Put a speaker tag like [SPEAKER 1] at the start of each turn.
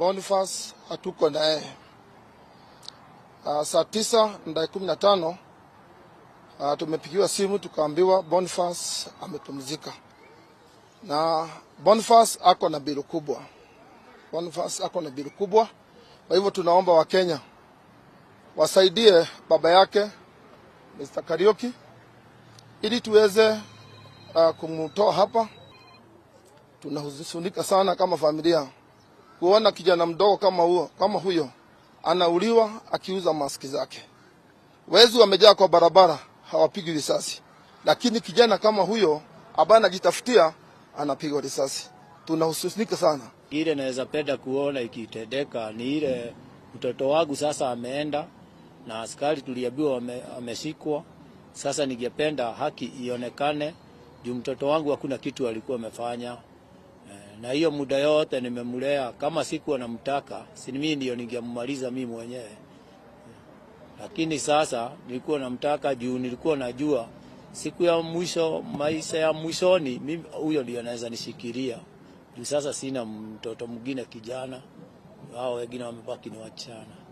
[SPEAKER 1] bonifas hatuko naye ah, Saa tisa na dakika kumi na tano ah, tumepigiwa simu tukaambiwa bonifas amepumzika, na Boniface ako na bilu kubwa. Boniface ako na bilu kubwa, kwa hivyo tunaomba Wakenya wasaidie baba yake Mr. Karioki ili tuweze uh, kumtoa hapa. Tunahuzunika sana kama familia kuona kijana mdogo kama huo, kama huyo anauliwa akiuza maski zake. Wezi wamejaa kwa barabara, hawapigi risasi, lakini kijana kama huyo ambaye anajitafutia anapigwa risasi. Tunahusunika sana.
[SPEAKER 2] Ile naweza penda kuona ikitendeka ni ile mtoto wangu sasa ameenda na askari tuliambiwa ameshikwa. Sasa ningependa haki ionekane juu mtoto wangu hakuna kitu alikuwa amefanya na hiyo muda yote nimemlea. Kama siku anamtaka si mimi ndio ningemmaliza mimi mwenyewe, lakini sasa nilikuwa namtaka juu nilikuwa najua siku ya mwisho, maisha ya mwishoni, mimi huyo ndio anaweza nishikilia juu sasa sina mtoto mwingine kijana, wao wengine wamebaki ni wachana.